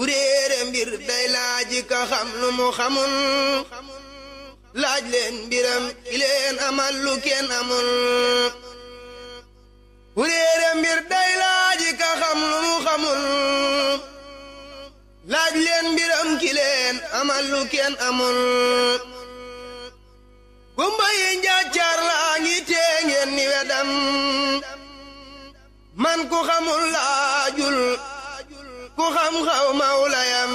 ku réere mbir day ka xam lu mu laaj leen mbiram ki mbir day laaji amal lu amul gumba yi njàccar laa ngi tee ngeen ni wedam man ku xamul laa ku xam xaw mawlayam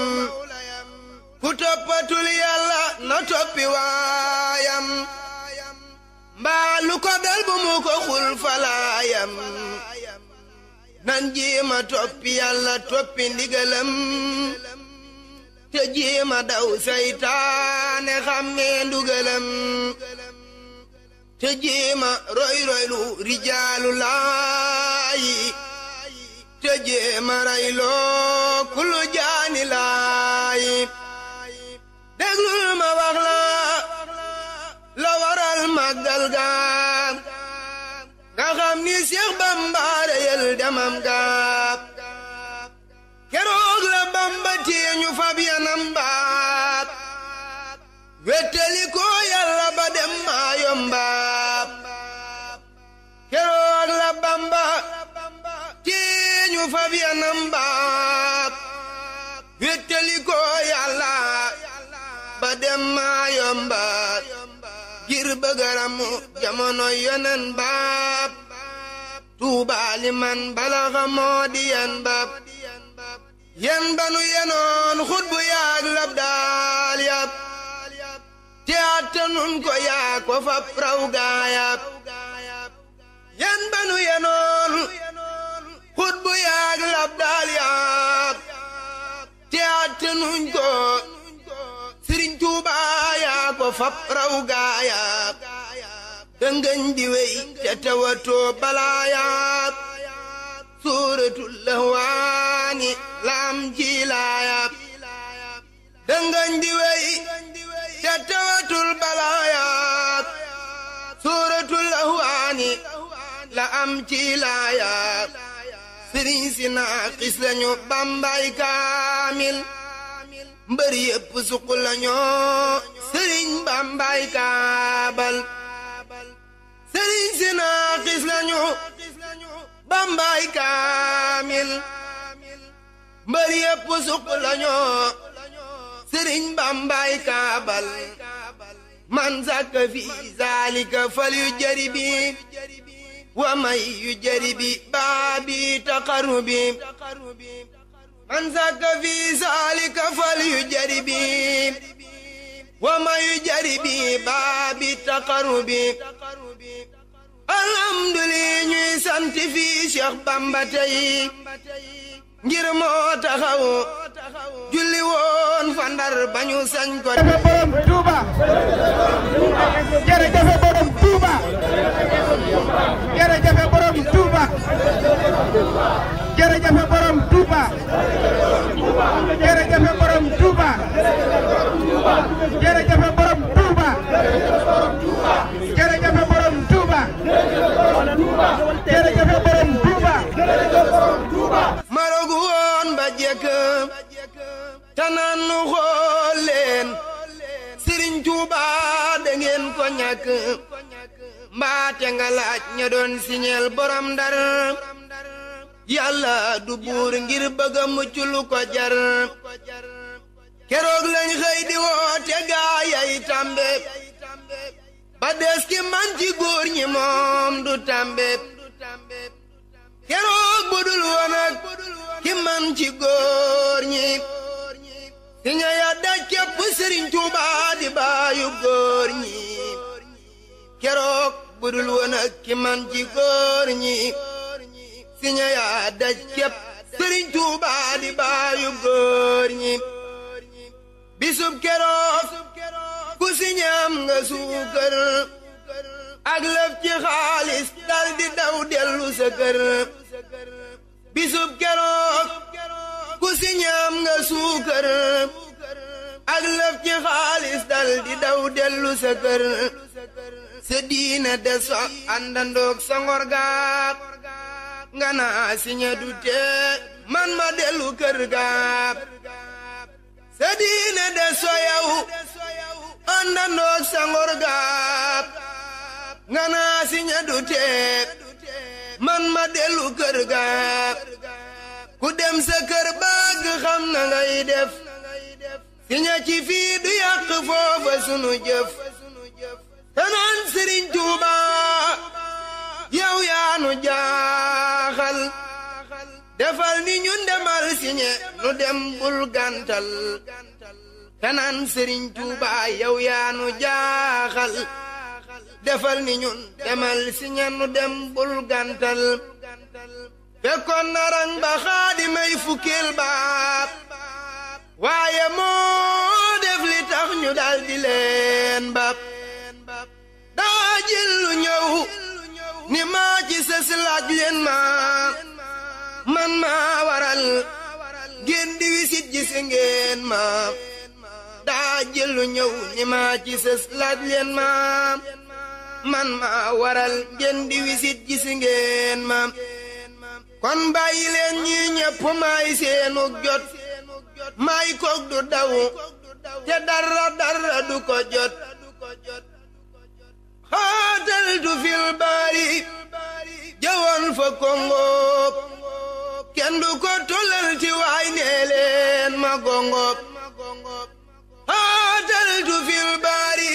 ku toppatul yàlla na toppi waayam mbaa lu ko dal bu ko xul falaayam nan jéema toppi yàlla toppi ndigalam te jéema daw saytaane xàmmee ndugalam te jéema roy roylu rijaalu laayi te jéema reyloo kulu jaani laay déglul ma wax la waral màggal ga nga ni Seex Bamba reyal demam ga keroog la Bamba tee ñu fab yanam ba wettali ko ba dem maa fab yanam baat wéttali ko yàlla ba dem maa yombaat ngir bëggaramu jamono yonen baab tuubaali man balaxa moo di yen baab yen banu yenoon xutbu yaag labdaal yab te attanun ko yaa ko fab raw gaayab yen banu yenoon xut bu yaag lab daal yaag te atte nuñ ko sëriñ tuuba yaa ko fab raw gaa yaag te ngëñ di wey te te ngëñ di wey te tawatul balaa yaag suuratul la am ci laa yaag sëriñ si naaqis lañu bàmbaay kaamil mbër suq lañoo sëriñ bàmbaay kaabal sëriñ si naaqis lañu bàmbaay kaamil mbër suq lañoo sëriñ bàmbaay kaabal man sàkk fi zaalika fal yu ومن يجرب بابي تقرب من زك في ذلك فليجرب ومن يجرب بابي تقرب الحمد لله ñuy sant fii Cheikh Bamba tey ngir moo taxaw julli woon fa Ndar bañu sañ ko borom Touba jërëjëf borom Touba jërëjëf borom Touba nu xool leen Sëriñ Tuuba da ngeen ko ñàkk mbaate nga laaj ña doon siñeel borom ndar yàlla du buur ngir bëgg a ko jar keroog lañ xëy di woote yay tambe ba des ki ci góor ñi moom du tambe keroog budul woon ak ki ci góor ñi li nga ya daj képp sëriñ Tuuba di baayu góor ñi keroog budul woon ak ki man ji góor ñi si nga ya daj képp sëriñ Tuuba di baayu góor ñi bisub keroog ku si ñam nga suukar ak lëf ci xaalis dal di daw dellu sa kër bisub keroog si ñaam nga suukar ak lëf xaalis dal daw dellu sa kër sa diina de so àndandoog sa ngorgaab ma dellu kër gaab nga naa si ña du tee man ma dellu kër gaab ku dem sa kër bëgg xam na ngay def si ña ci fii du yàq foofa sunu jëf te naan Tuuba yow yaa nu jaaxal defal ni ñu demal si ñe nu dem bul gàntal te naan Tuuba yow yaa nu jaaxal defal ni ñun demal si ñe nu dem bul gàntal fekkoon naraŋ ba xaadi may fukkeel baat waaye moo def li tax ñu dal leen bab daa jël lu ni maa ci sës laaj man maa waral ngeen di wisit gis ngeen daa jël lu ni maa ci sës laaj man maa waral ngeen di wisit gis ngeen kon bàyyi leen ñi ñëpp maay seenug jot maay koog du daw te dara dara du ko jot xaatal du fil baari jëwoon fa kongoob kenn du ko tollal ci waay nee ma gongoob xaatal du fil baari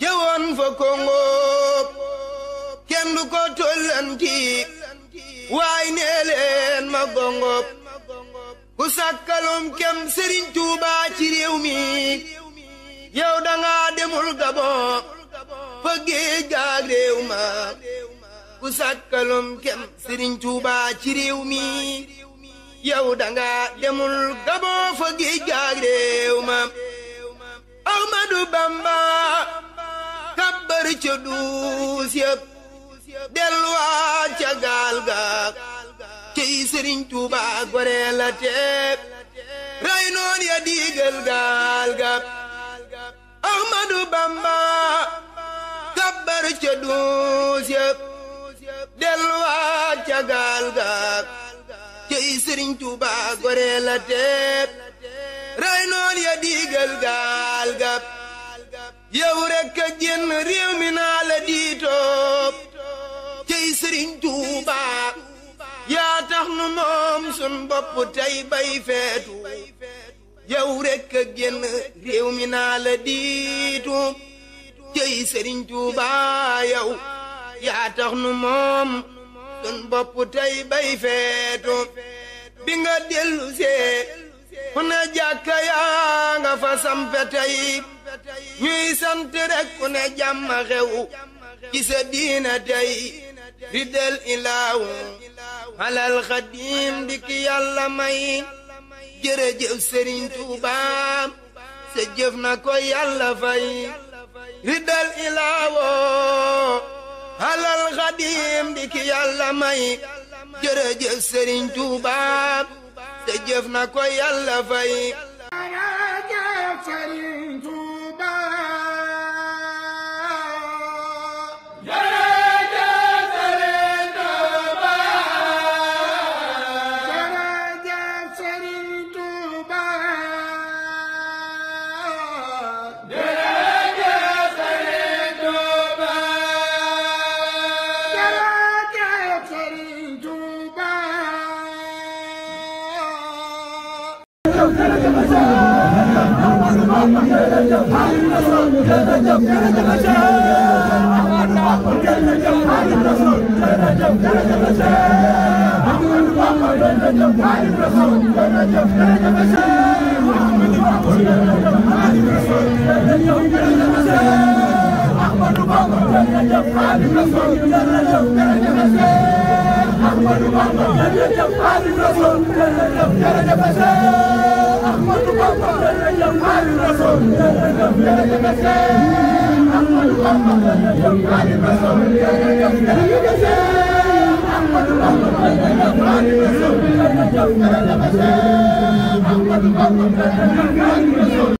jëwoon fa kongoob kenn du ko tollanti waay nee leen ma gongob ku sàkkalum kem sëriñ Tuuba ci réew mi yow danga demul Gabon fa géej gaag réew ma ku sàkkalum kem sëriñ Tuuba ci réew mi yow danga demul Gabon fa géej gaag réew ma Ahmadu Bamba kabbar ca duus delluwaat ca gaal ga cey sëriñ Tuuba goree teeb ray ya diigal gaal gaal ga cey Tuuba goree teeb ray ya diigal gaal ga yow rekk a génn mi naa la diitoob sëriñ Tuuba yaa tax nu moom sun bopp tey bay feetu yow rekk a génn mi naa la diitu jëy sëriñ Tuuba yow yaa tax nu moom sun bopp tey bay feetu bi nga dellu see fu yaa nga fa sampe tey ñuy sant rekk ku ne xew ci sa diina tey ridal ilaahu alal xadim di ki yàlla may jërëjëf sëriñ tuubaam sa jëf na ko yàlla fay ridal ilaahu alal xadim di ki yàlla may jërëjëf sëriñ tuubaam sa jëf na ko yàlla fay Ahmadu Bamba, jërëjëf Xaadimu Rasuul, jërëjëf jërëjëf خالد رسول يا محمد محمد يا خالد رسول يا محمد محمد يا خالد رسول يا محمد محمد يا خالد رسول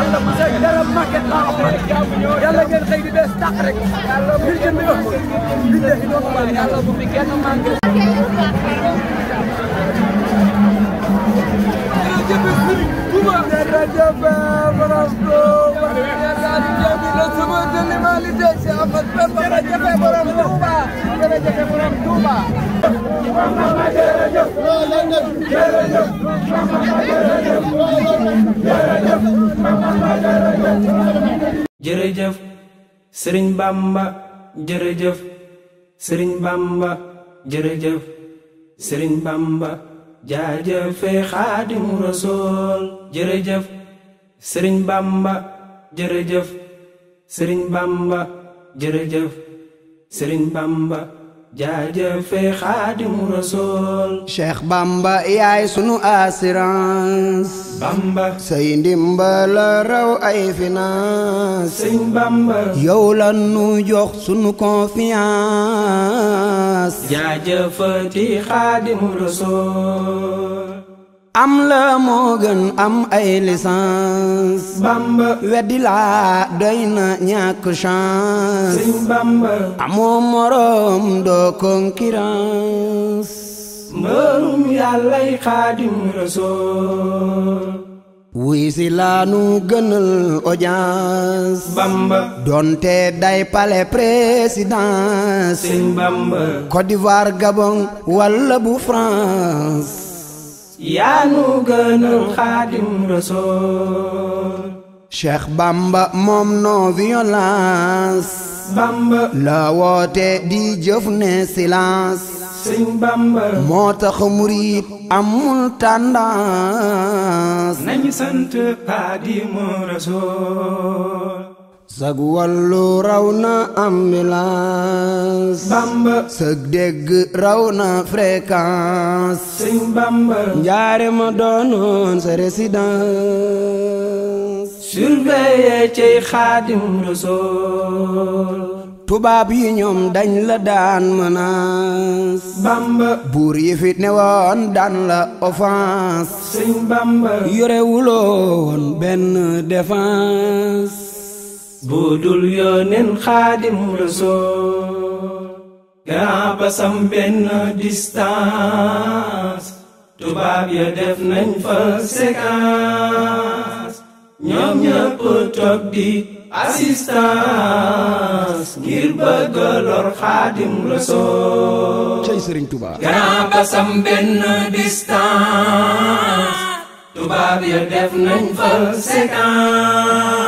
yàlla ma dara màgget laa ko man yàlla ngeen xëy di bees tàq rek ngir jënd yoon bi léegi doon ma yàlla bu fi kenn màgget Touba jërëjëf Bamba jërëjëf jërëjëf Bamba jërëjëf jërëjëf sëriñ Bamba jërëjëf sëriñ Bamba jërëjëf sëriñ Bamba jaajëfe Xaadimu Rasuul jërëjëf sëriñ Bamba jërëjëf sëriñ Bamba jërëjëf sëriñ Bamba jaajëfe xaadimu rasool cheikh bamba yaay sunu assurance bamba say ndimbal raw ay finance sëñ bamba yow la nu jox sunu confiance jaajëfati xaadimu rasool am la moo gën am ay licence bamba weddi laa doy na ñàkk chance sëñ moroom doo concurrence mbërum yàllay xaadim rasool wuy si laa nu gënal audience bamba donte day palais présidence sëñ bamba Côte walla bu France yaa nu gënal xaadim rasool cheikh bamba moom non violence. bamba. la woote di jëf ne silence. sëñ bamba. moo tax am amul tendance. nañu sant Xaadimu Rasuul sag wàllu raw na ambulance bamba sag dégg raw na fréquence sëñ ma doonoon sa résidence surveillé cey xaadim rasool tubaab yi ñoom dañ la daan menace bamba buur yi fi ne daan la offense sëñ bamba woon benn défense budul yoneen xaadim rasool gaa basam benn distance tubaab ya def nañ fa séquence ñoom ñëpp toog di assistance ngir bëgg lor xaadim rasool cay sëriñ tubaab ya def nañ fa séquence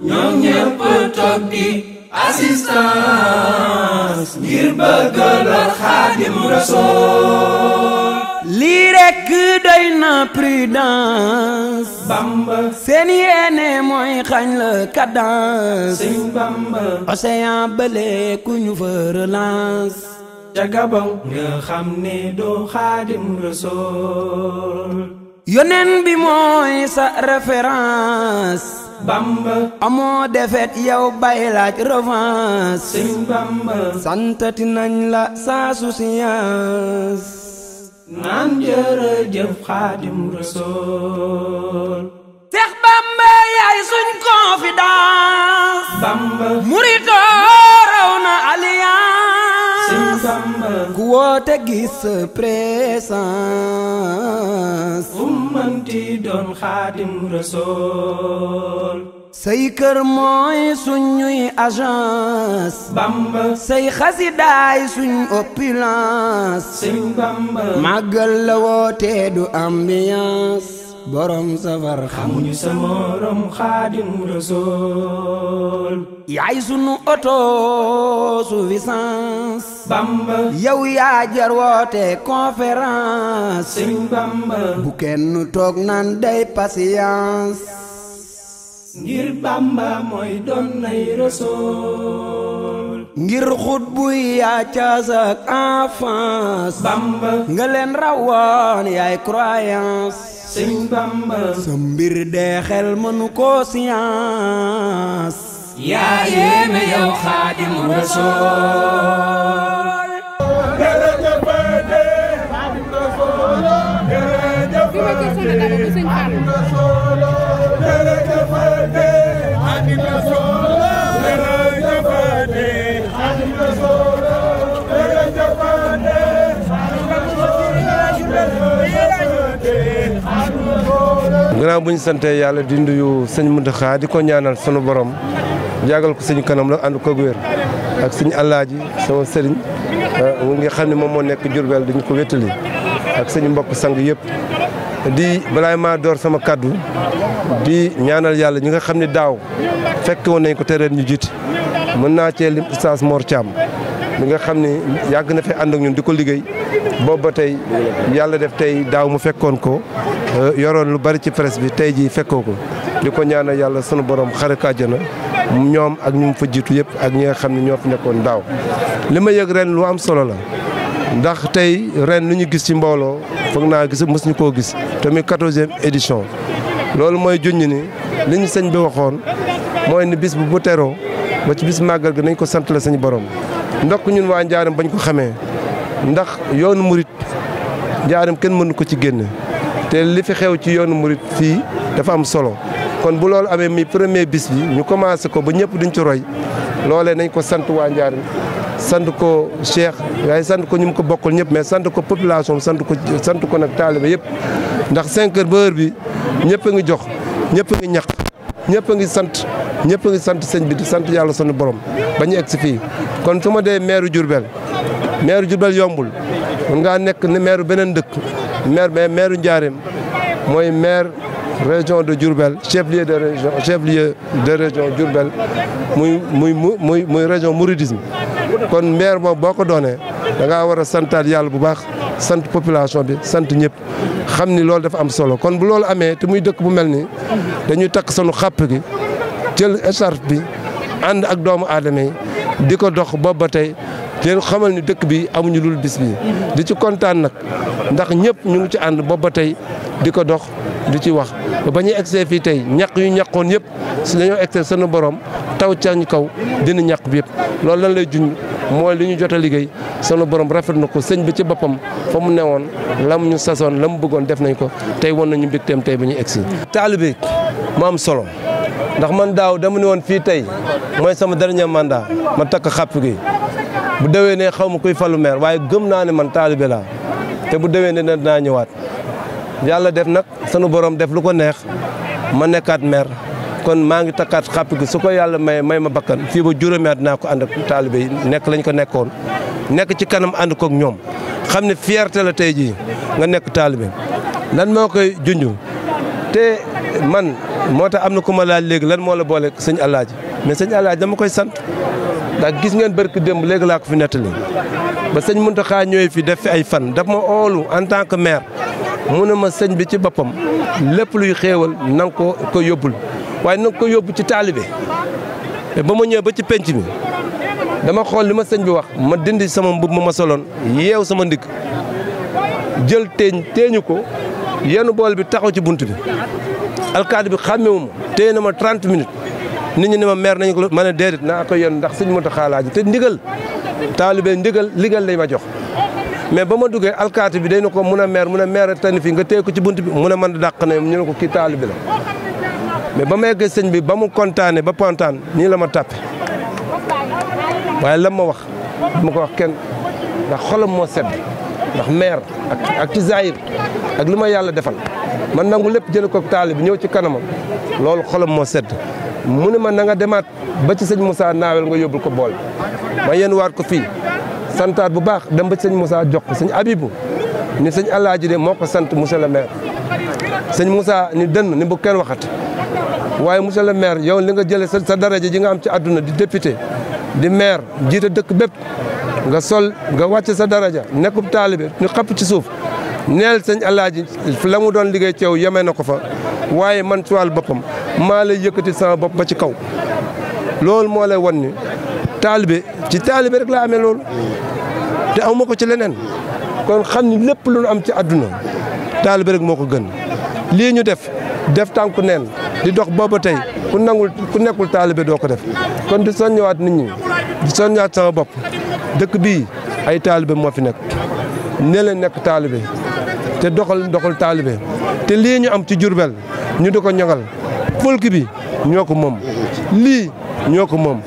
ñoom ñépp toog di assistance ngir bëgg la xaadim rasool lii rekk doy na prudence bamba seen yéene mooy xañ la cadence sëñ bamba océan bële ku ñu fa relance jagabaw nga xam ne doo xaadim rasool yoneen bi mooy sa référence bamba amoo defet yow bay laaj revanche sëñ bamba santati nañ la sa souciance naan jërëjëf xaadim rasool seex bamba yaay suñ confidence bamba murito ku woote gis présence ummanti doon xaadim rasool say kër mooy suñuy agence. bamba say xasidaay suñ opulence. sëñ bamba màggal la wootee du ambiance. borom safar xamuñu sa morom xaadim rasool yaay sunu autosuffisance bamba yow woote conférence sëñ bamba toog naan day patience ngir bamba mooy doon nay rasool ngir xut buy yaa caas ak enfance bamba nga leen rawoon yaay croyance sëñ mënu ko science yaa yéeme yow xaadimu rasool jërëjëf gannaaw bu ñu santee yàlla di nuyu sëñ Muntaxa di ko ñaanal sunu borom jàggal ko suñu kanam la ànd ko wér ak suñu alaaji sama sëriñ mu nga xam ne moom moo nekk Jurbel dañu ko wétali ak suñu mbokk sang yëpp. di balaay maa door sama kàddu di ñaanal yàlla ñi nga xam ne daaw fekk woon nañ ko tereen ñu jiit mën naa cee lim Oustaz Mor Thiam mi nga xam ni yàgg na fi ànd ak ñun di ko liggéey boobu ba tey yàlla def tey daaw mu fekkoon ko euh, yoroon lu bari ci presse bi tey jii fekkoo ko di ko ñaana yàlla sunu borom xare ko na ñoom ak ñu fa jiitu yëpp ak ñi nga xam ne ñoo fi nekkoon daaw. li ma yëg ren lu am solo la ndax tey ren lu ñu gis ci mbooloo foog naa gis mës ñu koo gis te muy quatorzième édition loolu mooy junj ni li ñu sëñ bi waxoon mooy ni bis bu bu teroo moo ci bis màggal gi nañ ko sant la borom. ndokk ñun waa njaaram bañ ko xamee ndax yoonu murit njaaram kenn mënu ko ci génn te li fi xew ci yoonu murit fii dafa am solo kon bu loolu amee mi premier bis bi ñu commencé ko ba ñëpp duñ ci roy loolee nañ ko sant waa njaaram sant ko Cheikh waaye sant ko ñu ko bokkul ñëpp mais sant ko population sant ko sant ko nag taalibe yëpp ndax 5 heures bi ñëpp a ngi jox ñëpp a ngi ñaq ñëpp a ngi sant ñëpp a ngi sant sëñ bi di sant yàlla sunu borom ba ñu egg si fii kon su ma dee maire Diourbel maire Diourbel yombul mun ngaa nekk ne maire beneen dëkk maire mais maire Ndiarème mooy maire région de Diourbel chef de région chef lieu région Diourbel muy muy muy muy région mouridisme kon maire moom boo ko doonee da ngaa war a santaat yàlla bu baax sant population bi sant ñëpp xam ni loolu dafa am solo kon bu loolu amee te muy dëkk bu mel ni dañuy takk sunu xàpp gi jël écharpe bi ànd ak doomu aadama yi di ko dox boobu ba tey leen xamal ni dëkk bi amuñu lul bis bi di ci kontaan nag ndax ñëpp ñu ngi ci ànd boobu ba tey di ko dox di ci wax ba ñuy egsee fii tey ñaq yu ñaqoon yëpp si dañoo egsee sanu boroom taw ca ñu kaw dina ñaq bi yëpp loolu lan lay juñ mooy li ñu jot a liggéey sunu boroom rafet na ko sëñ bi ci boppam fa mu newoon lam ñu sasoon la mu bëggoon def nañ ko tey woon nañu mbégteem tey bu ñuy egsi. taalibe mu am solo ndax man daaw dama ne woon fii tey mooy sama dernier ma takk xàpp gi bu déwee ne xaw ma kuy falu maire waaye gëm naa ne man taalibe laa te bu déwee na dinaa ñëwaat yàlla def nag sunu borom def lu ko neex ma nekkaat maire kon maa ngi takkaat xàpp gi su ko yàlla may may ma bakkan fii ba juróomi at dinaa ko ànd ak taalibe yi nekk lañ ko nekkoon nekk ci kanam ànd kook ñoom xam ne fierté la tey jii nga nekk taalibe lan moo koy junj te man moo tax am na ku ma laaj léegi lan moo la boole sëñ Alaaji mais sëñ Alaaji ma koy sant ndax gis ngeen barki démb léegi laa ko fi nettali ba sëñ xaa ñëwee fi def fi ay fan daf ma oolu en tant que maire mu ne ma sëñ bi ci boppam lépp luy xéewal na nga ko ko yóbbul waaye na ko yóbbu ci taalibe ba ma ñëwee ba ci penc mi dama xool li ma sëñ bi wax ma dindi sama mbub ma ma soloon yeew sama ndigg jël teeñ teeñu ko yenn bool bi taxaw ci bunt bi alkaati bi xàmmewu ma téye na ma 30 minutes ni ñu ne ma meer nañu ko man a déedéet naa ko yoon ndax sëñ Mountakha xaalaaj te ndigal taalibe ndigal ligal lañ ma jox mais ba ma dugee alkaati bi day na ko mun a maire mun a maire tani fi nga téye ko ci bunt bi mun a mën dàq ne ñu ne ko ki taalibe la mais ba ma yeggee sëñ bi ba mu kontaane ba pontaan nii la ma tàppe waaye lam ma wax mu ko wax kenn ndax xolam moo sedd ndax maire ak ak ci zahir ak li ma yàlla defal man nangu lépp jël ko taalibe ñëw ci kanamam loolu xolam moo sedd mu ne ma na nga demaat ba ci sëñ Moussa naawel nga yóbbul ko bool ma yéen waat ko fii santaat bu baax dem ba ci sëñ Moussa jox sëñ Abibu ni sëñ Alaaji de moo ko sant monsieur le maire sëñ Moussa ni dënn ni bu kenn waxat waaye monsieur le maire yow li nga jëlee sa daraja ji nga am ci àdduna di député di maire jiite dëkk bépp nga sol nga wàcc sa daraja nekkub taalibe ñu xapp ci suuf neel sëñ Alaaji la mu doon liggéey ceew yemee na ko fa waaye man ci wàllu boppam maa lay yëkkati sama bopp ba ci kaw loolu moo lay wan ni taalibe ci taalibe rek laa amee loolu te amu ma ko ci leneen kon xam ni lépp lu am ci àdduna taalibe rek moo ko gën lii ñu def def tànku neen di dox booba tey ku nangul ku nekkul taalibe doo ko def kon di soññawaat nit ñi di soññaat sama bopp dëkk bii ay taalibe moo fi nekk ne leen nekk taalibe te doxal doxal taalibe te lii ñu am ci Jurbel ñu di ko ñoŋal folk bi ñoo ko moom lii ñoo ko moom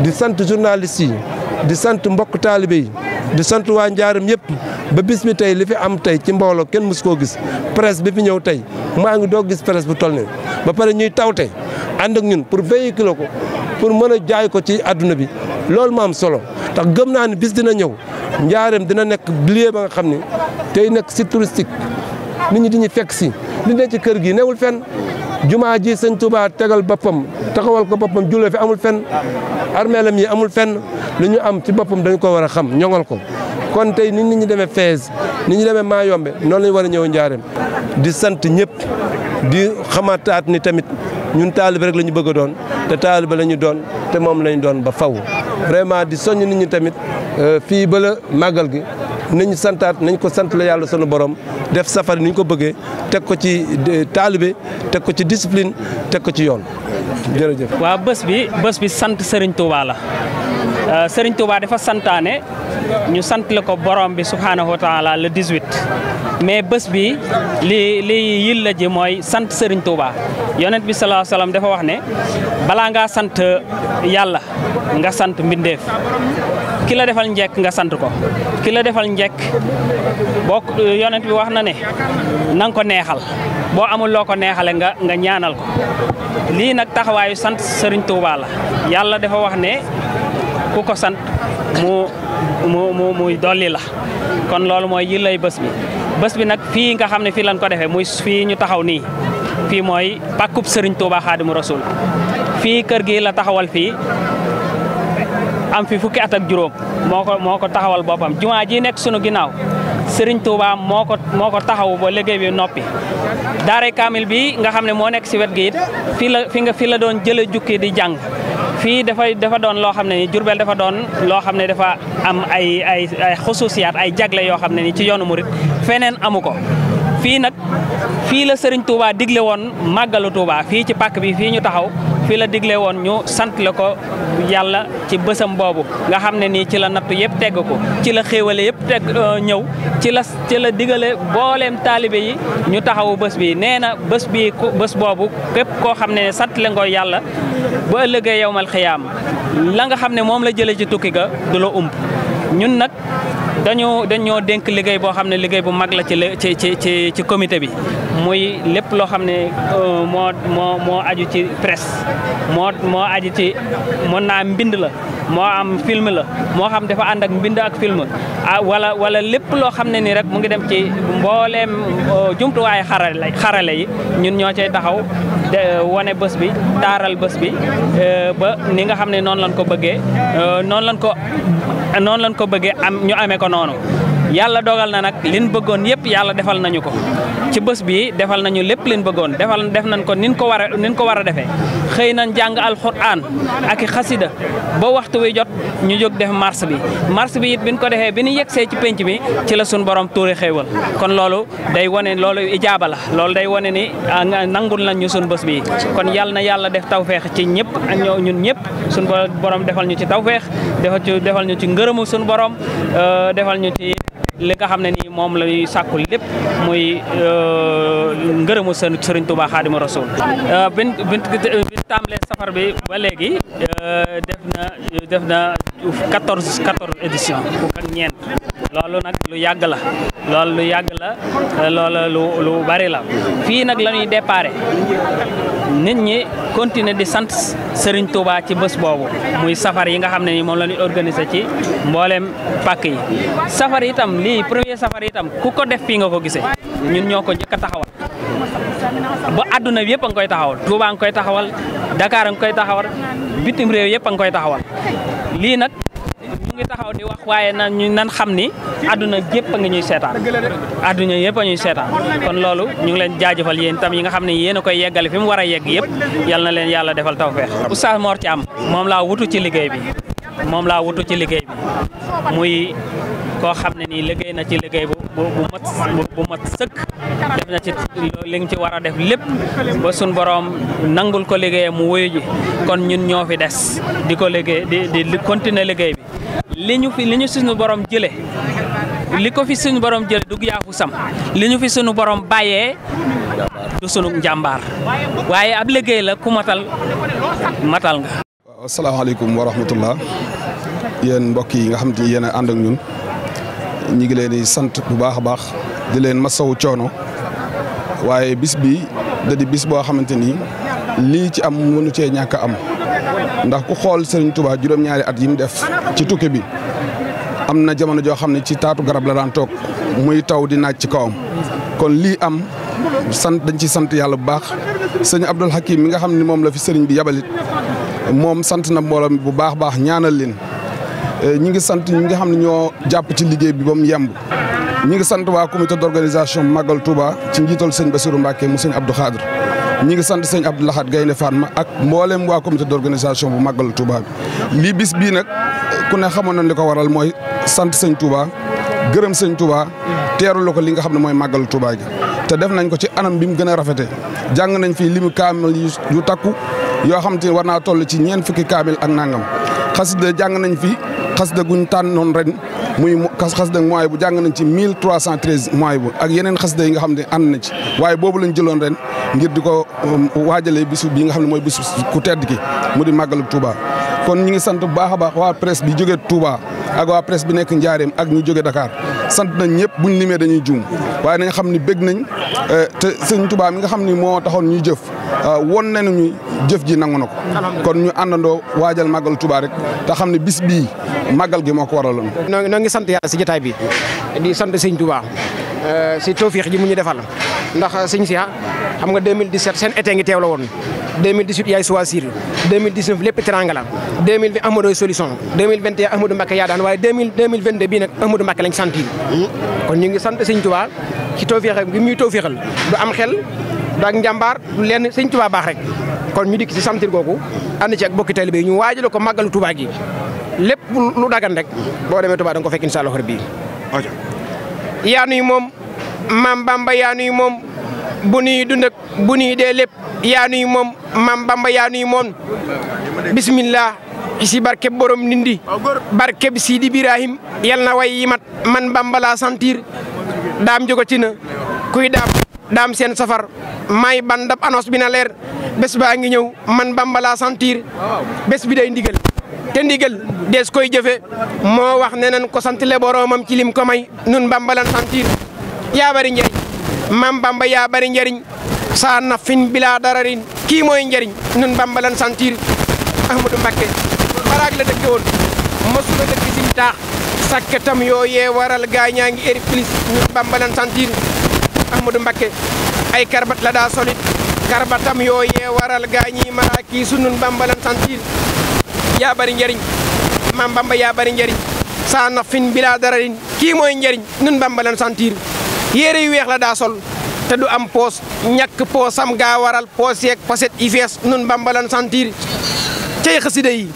di sant journaliste yi di sant mbokk taalibe yi di sant waa njaaram yëpp ba bis tey li fi am tey ci mbooloo kenn mus koo gis presse bi fi ñëw tey maa ngi doo gis presse bu toll ne ba pare ñuy taw tawte ànd ak ñun pour kilo ko pour mën a jaay ko ci àdduna bi loolu moo am solo tax gëm naa ne bis dina ñëw njaareem dina nekk lieu ba nga xam ni tey nekk site touristique nit ñi di ñu fekk si li ne ci kër gi newul fen jumaa ji sañ Touba tegal boppam taxawal ko boppam jullee fi amul fenn armeelam yi amul fenn lu ñu am ci boppam dañ ko war a xam ñoŋal ko kon tey ni nit ñi demee Fès ni ñu demee yombe noonu lañu war a ñëw njaareem di sant ñëpp di xamataat ni tamit ñun taaliba rek la ñu bëgg a doon te taaliba la ñu doon te moom la ñu doon ba faw vraiment di soññ nit tamit Euh, fii ba la màggal gi nañ santaat nañ ko sant la yàlla sunu borom def safari ni ko bëggee teg ko ci taalibe teg ko ci discipline teg ko ci yoon jërëjëf. waa bës bi bés bi sant Serigne Touba la euh, Serigne Touba dafa santaane ñu sant la ko borom bi subhaanahu wa taala le 18 mais bés bi li li yil ji mooy sant Serigne Touba yonent bi sallallahu alayhi wasallam dafa wax ne balaa ngaa sant yàlla nga sant mbindeef. ki la defal njekk nga sant ko ki la defal njekk boo yonent bi wax na ne na ko neexal boo amul loo ko neexale nga nga ñaanal ko lii nag taxawaayu sant Sëriñ Tuubaa la yàlla dafa wax ne ku ko sant mu mu muy dolli la kon loolu mooy yi lay bés bi bës bi nag fii nga xam ne fii lañ ko defee muy fii ñu taxaw nii fii mooy pàkkub Sëriñ Tuubaa Xaadimu Rasuul fii kër gi la taxawal fii am fi fukki atak juróom moo ko moo ko taxawal boppam jumaa ji nekk sunu ginnaaw sëriñ Touba moo ko moo ko taxawu ba liggéey noppi. Daara Kaamil bi nga xam ne moo nekk si wet gi it fii la fi nga fi la doon jële jukki di jàng fii dafay dafa doon loo xam ne ni Jurbel dafa doon loo xam ne dafa am ay ay ay xusuusiyaat ay jagle yoo xam ne ni ci yoonu murit feneen amu ko. fii nag fii la sëriñ Touba digle woon màggalu Touba fii ci pàkk bi fii ñu taxaw fi la digle woon ñu sant ko yàlla ci bësam boobu nga xam ne nii ci la nattu yëpp teg ko ci la xéewale yëpp teg euh, ñëw ci la ci la digale booleem taalibe yi ñu taxawu bës bi nee na bës bii bës boobu képp koo xam ne sant la yàlla bu ëllëgee yowmal xiyaam la nga xam ne moom la jëlee ci tukki ga du la ump ñun nag dañu ñoo dénk liggéey boo xam ne liggéey bu mag la ci ci ci ci ci comité bi muy lépp loo xam ne euh, moo moo moo aju ci presse moo moo aju ci mën naa mbind la moo am film la moo xam dafa ànd ak mbind ak film ah wala wala lépp loo xam ne nii rek mu ngi dem ci mbooleem euh, jumtuwaay xarale xarale yi ñun ñoo cay taxaw wane bës bi taaral bés bi euh, ba ni nga xam ne noonu lañ ko bëggee noonu lañ ko noonu lañ ko bëggee am ñu amee ko noonu yàlla dogal na nag liñ bëggoon yëpp yàlla defal nañu ko ci bés bi defal nañu lépp liñ bëggoon defal def nañ ko nin ko war a nin ko war a defee xëy nañ jàng alxuraan ak i xasida boo waxtu wi jot ñu jóg def mars bi mars bi it biñ ko defee bi ñu yegsee ci pénc mi ci la sun borom tuuri woon kon loolu day wone loolu ijaaba la loolu day wane ni ah, nangul nañ ñu sun bës bii kon yàlla na yàlla def tawfeex ci ñëpp ñun ñëpp sun borom defal ñu ci tawfeex defal ñu ci ngërëmu li nga xam ne nii moom la ñuy sàkkul lépp muy euh, ngërëmu seen Sëriñ Tuubaa Xaadimu Rasuul euh, bin bin tàmbalee safar bi ba léegi euh, def na def na quatorze quatorze édition fukk ak ñeent loolu nag lu yàgg la lool lu yàgg la lool lu lu bari la fii nag la ñuy nit ñi continuer di sant Serigne Touba ci bés boobu muy safar yi nga xam ne nii moom la ñuy organiser ci mbooleem pàkk yi safar itam lii premier safar itam ku ko def fii nga ko gisee ñun ñoo ko njëkk a taxawal bu àdduna bi yëpp a nga koy taxawal Touba a nga koy taxawal Dakar a nga koy taxawal bitim réew yëpp a nga koy taxawal lii nag ngi taxaw di wax waaye na ñu nan xam ni àdduna yëpp a ngi ñuy seetaan àdduna yëpp a ñuy seetaan kon loolu ñu ngi leen jaajëfal yéen tam yi nga xam ne yéen a koy yeggale fi mu war a yegg yëpp yal na leen yàlla defal tawfeex Oustaz Mor Thiam moom laa wutu ci liggéey bi moom laa wutu ci liggéey bi muy koo xam ne nii liggéey na ci liggéey bu bu mat bu mat sëkk def na ci li nga ci war a def lépp ba suñ boroom nangul ko liggéeyam mu wuyu ji kon ñun ñoo fi des di ko liggéey di di continuer liggéey bi li ñu fi li ñu suñu borom jëlee li ko fi suñu borom jëlee du yaafu sam li ñu fi suñu boroom bàyyee du sunu njàmbaar waaye ab liggéey la ku matal matal nga. waaw asalaamaaleykum wa rahmatullah yéen mbokk yi nga xam te yéen a ànd ak ñun ñu ngi leen di sant bu baax a baax di leen ma sow coono waaye bis bi da bis boo xamante ni lii ci am mënu cee ñàkk am. ndax ku xool sëriñ Touba juróom-ñaari at yi mu def ci tukki bi am na jamono joo xam ne ci taatu garab la daan toog muy taw di naaj ci kawam kon lii am sant dañ ci sant yàlla bu baax sëñ Abdul Hakim mi nga xam ni moom la fi sëriñ bi yabalit moom sant na mbooloo bu baax baax ñaanal leen eh, ñi ngi sant ñi nga xam ne ñoo jàpp ci liggéey bi ba mu ñi ngi sant waa comité d'organisation Magal Touba ci njiital sëñ Bassirou Mbacké mu sëñ Abdou Khadre ñi ngi sant sëñ Abdou Lahad Gaynde Fatma ak mboolem waa comité d'organisation bu màggalu Touba bi lii bis bii nag ku ne xamoon na li ko waral mooy sant sëñ Touba gërëm sëñ Touba teeru la ko li nga xam ne mooy màggalu Touba gi te def nañ ko ci anam bi mu gën a rafete jàng nañ fii limu kaamil yu takku yoo xam te war naa toll ci ñeent fukki kaamil ak nangam xasida jàng nañ fi xasida guñ tànnoon ren muy xasida mooy bu jàng nañ ci mille trois cent treize mooy bu ak yeneen xasida yi nga xam ne ànd na ci waaye boobu lañ jëloon ren ngir di ko um, waajalee bisu bi nga xam ne mooy bisu ku tedd ki mu di màggalu Touba. kon ñu ngi sant bu baax a baax waa presse bi jógee Touba ak waa presse bi nekk Njaareem ak ñu jóge dakaar sant nañ ñëpp buñ limee dañuy juum waaye nañ xam ni bég nañ euh, te sëñ Tuubaa mi nga xam ni moo taxoon ñuy jëf euh, won nañu ñu jëf ji nangu na ko kon ñu àndandoo waajal màggal Tuubaa rek te xam ne bis bii màggal gi moo ko waraloon. noo ngi sant yàlla si jotaay bi di sant sëñ Tuubaa euh, si tawfiix ji mu ñu defal ndax sëñ Sia xam nga 2017 seen été ngi teew la woon. 2018 yaay choisir 2019 lépp teranga la 2020 Amadou solution 2021 Amadou Mbacké yaa daan waaye 2022 bii nag Amadou Mbacké lañ sant yi kon ñu ngi sant Sëñ Tuubaa ci tawféex bi muy tawféexal du am xel du ak njàmbaar du lenn Sëñ baax rek kon ñu dikk ci santir googu ànd ci ak bokki taalibe ko màggalu Tuubaa gi lépp lu dagan rek boo demee Tuubaa da nga ko fekk inshallah rabbi yaa nuy moom maam Bamba yaa nuy bu nuy dund ak bu nuy dee lépp yaa nuy moom maam Bamba yaa nuy moom bismillah si barkeb borom nindi barkeb Sidi Birahim yal na way yi mat man Bamba laa sentir daam jogatina kuy daam daam seen safar may bandab annonce bi leer bés baa ngi ñëw man Bamba laa bés bi day ndigal te ndigal dees koy jëfe moo wax ne nan ko sant le boromam ci lim ko may nun Bamba lan yaa bari njëriñ maam Bamba bari njariñ saa nafin bilaa dararin kii mooy njariñ nun Bamba lan sentir Ahmadou Mbakke baraag la dëkke woon mosula dëkk siñ taax sakkatam yooyee waral gaa ñaa ngi éri plis nun Bamba lan sentir Ahmadou Mbakke ay karbat la daa solit karbatam yoo waral gaa ñi kii su nun Bamba lan sentir yaa bari njariñ maam Bamba yaa bari njariñ saa nafin bilaa dararin kii mooy njariñ nun Bamba lan yére yu weex la daa sol te du am poos ñàkk poosam gaa waral poos yeeg poset yi nun bambalan sentir cey xasida yi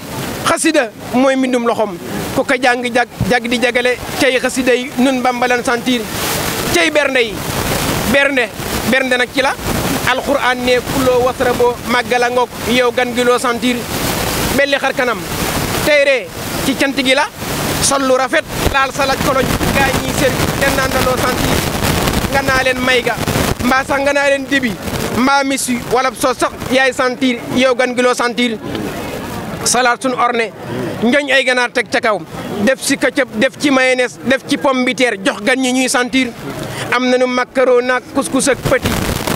xasida mooy mbindum loxoom ku ko jàng jag jag di jagale cey xasida yi nun bambalan sentir cey bernde yi bernde bernde nag ci la alxuraan ne kuloo wasra boo màggala ngoog yow gan gi loo sentir belli xar kanam tey ree ci cant gi la sol lu rafet laal sa laj koloñ gaa ñiy seen den naan daloo sentir nga naa leen may ga mbaa sax nga naa leen débi mbaa mis wala soo sax yaay sentir yow gan gi loo sentir salaat suñu orne njoñ ay ganaar teg ca kaw def ci këccëb def ci mayonnaise def ci pomme jox gan ñi ñuy sentir am nañu macaroni ak couscous ak petit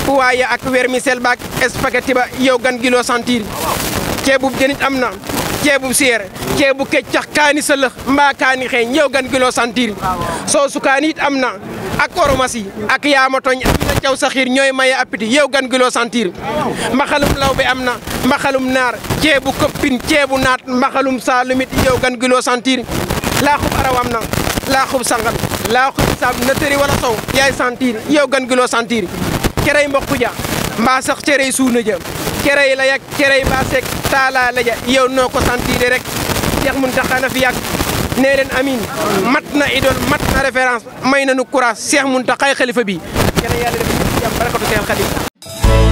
waaye ak vermicelle baak spaghetti ba yow gan gilo loo sentir ceebub jënit am na ceebub seer ceebu keccax kaani sëlëx mbaa kaani xeeñ yow gan gi loo soosu kaani it am na ak koromasi ak yaa ma tooñ am na caw saxiir ñooy maye appétit yow gan gi loo sentir mbaxalum law bi am na mbaxalum naar ceebu koppin ceebu naat mbaxalum saalumit yow gan gi loo sentir laaxub araw am na laaxub sangal laaxub saab na tëri wala sow yaay sentir yow gan gi loo sentir cerey mboq ja mbaa sax cerey suuna ja cerey la yak cerey baa seeg ja yow noo ko sentir rek Cheikh Mountakha na fi yàgg nee leen amin mat na idole mat na référence may nañu courage Cheikh Mountakha xalifa bi yàlla yàlla def ci jàmm barakatu Seexal Xadiim